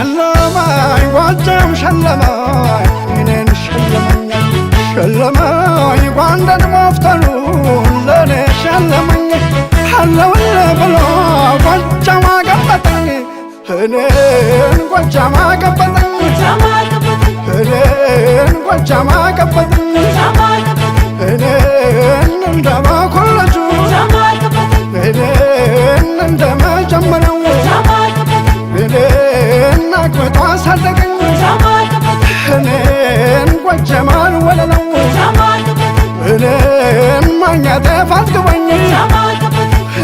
ሸለማኝ ጎጃም ሸለማኝ እኔን ሸለመኛል ሸለማኝ ጓንደን ሞፍተኑን ለእኔ ሸለመኝ አለውለ ብሎ ጎጃም አገበጠኝ እኔን ጎጃም አገበጠኝ እኔን ጎጃም አገበጠኝ እኔን እንደመኮለጁ እኔን እንደመጀመሪያው አግብቶ አሳደገኝ እኔን ጓጀማል ወለለው እኔን ማኛ ጤፍ አጥግበኝ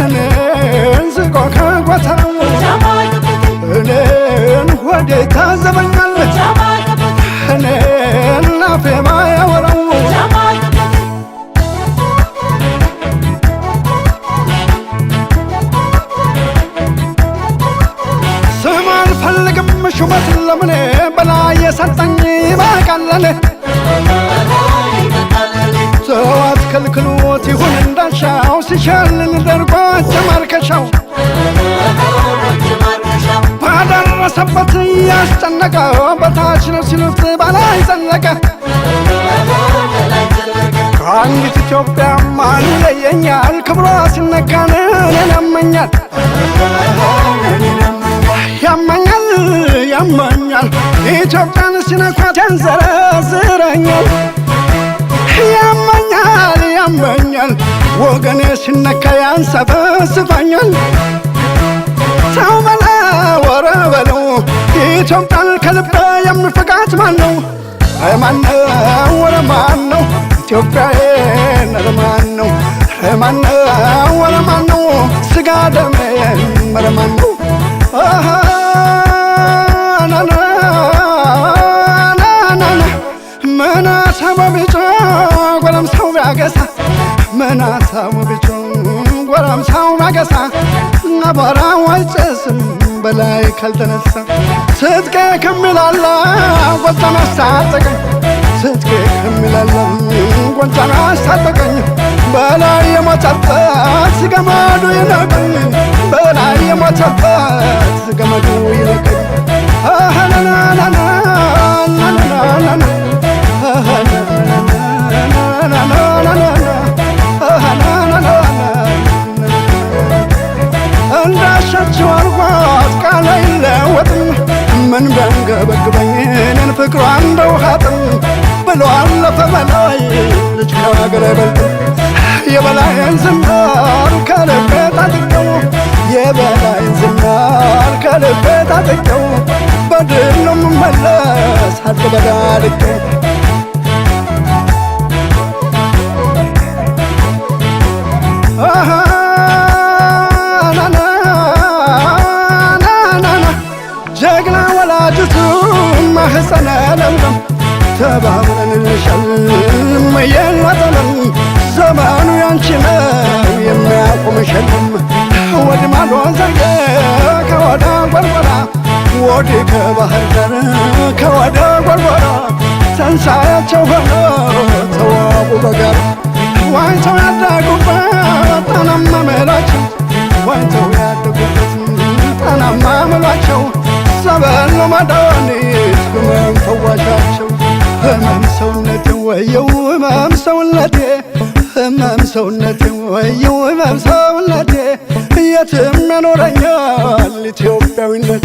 እኔን ዝቆ ከጎተራው እኔን ሆዴ ታዘበኛል እኔን ናፌማ ሹመት ለምን በላይ የሰጠኝ ይበቃለን። ሰው አትከልክሎት ይሁን እንዳሻው ሲሸልል ደርጓቸ ማርከሻው ባደረሰበት ያስጨነቀው በታች ነው ሲሉት በላይ ጸነቀ ከአንዲት ኢትዮጵያ ማን ይለየኛል ክብሯ ሲነካን ያመኛል ይሰማኛል። ኢትዮጵያን ሲነኳት ያንዘረዝረኛል። ያመኛል ያመኛል ወገኔ ሲነካ ያንሰበስበኛል። ሰው በላ ወረ በለው ኢትዮጵያን ከልበ የምፈቃት ማን ነው? አይ ማነው? ወረ ማን ነው? ኢትዮጵያ ማን ነው? አምሳው ማገሳ አቧራ አይጨስም በላይ ካልተነሳ ስጥቄ ከሚላላ ጎንጫና ሳጠቀኝ ስጥቄ ከሚላላ ጎንጫና ሳጠቀኝ በላይ የማጫጣት ገመዱ ይናቀኝ በላይ የማጫጣት ገመዱ እጇ አርጓት ቃል አይለወጥም ምን ቢያንገበግበኝ እኔን ፍቅሯ እንደ ውሃ ጥም ብሎ አለፈ በላይ ልጅ ከሀገር አይበልጥም የበላይን ዝናር ከልቤ ታጥቀው የበላይን ዝናር ከልቤ ታጥቀው በድል ነው የምመለስ ሀቅ ከጎድ ከባህር ዳር ከወደ ጎርጎራ ተንሳያቸው ሆኖ ተዋቡ በጋራ ዋኝተው ያደጉበት ጣናማ መላቸው ዋኝተው ያደጉበት ጣናማ መሏቸው ሰበሉ መድኃኒት ህመም ፈዋሻቸው ህመም ሰውነቴ ወየው ህመም ሰውነቴ ህመም ሰውነቴ ወየው ህመም ሰውነቴ የትም ያኖረኛል ኢትዮጵያዊነት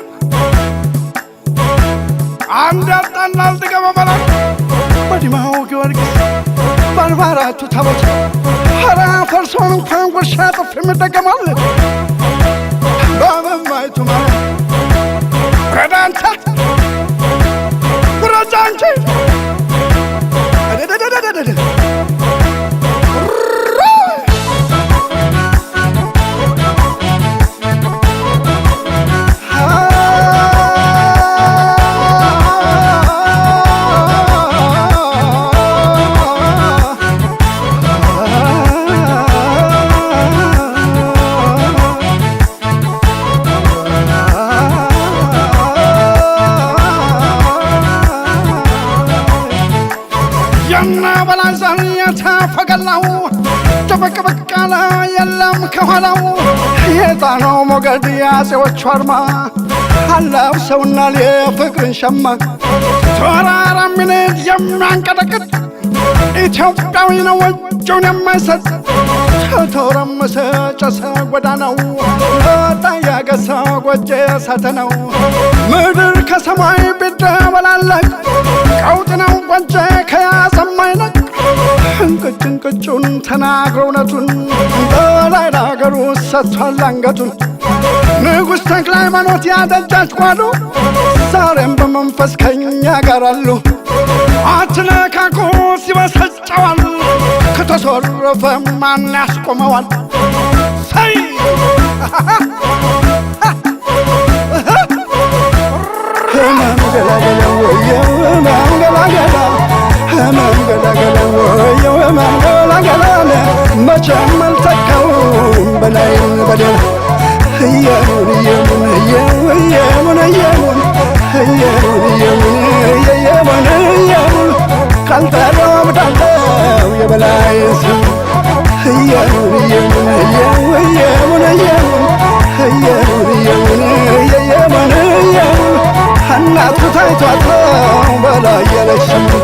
አንድ አልጣና አልጥቀመ መላክ በዲማው ጊዮርጊስ በአንባራቱ ታቦት ኧረ ፈርሶን እንኳን ጉርሻ ጥፍ የሚጠቀማል ዛሬ ተፈገላው ደበቅ በቅ አለ የለም ከኋላው የጣናው ሞገድ የአጼዎቹ አርማ አላብሰውናል የፍቅርን ሸማ ተራራ ሚኒት የሚያንቀጠቅጥ ኢትዮጵያዊ ነው እጁን የማይሰጥ ተተረመሰ ጨሰ ጎዳናው ያገሰ ጎጀ ሳተ ነው ምድር ከሰማይ ቢደበላለቅ ቀውጥ ነው ጎጀ ቅጩን ተናግሮ እውነቱን በላይ ለሀገሩ ሰጥቷል አንገቱን ንጉሥ ተክለ ሃይማኖት ያደጃች ጓሉ ዛሬም በመንፈስ ከኛ ጋር አሉ። አትነካኩ ሲበሰጨዋል ከተሰረፈ ማን ያስቆመዋል? ሰይ መንገላገለው ወየ መንገላገላ መንገላገለው መቼም አልተካውም በላይ በደል እየሙን እየሙን እየሙን እየሙን እየሙን እየሙን እየሙን እየሙን ካልተለምዳለው የበላይ ስም እየሙን እየሙን እየሙን እየሙን እየሙን እየሙን እየሙን እየሙን እናቱ ታይቷት በላይ የለሽም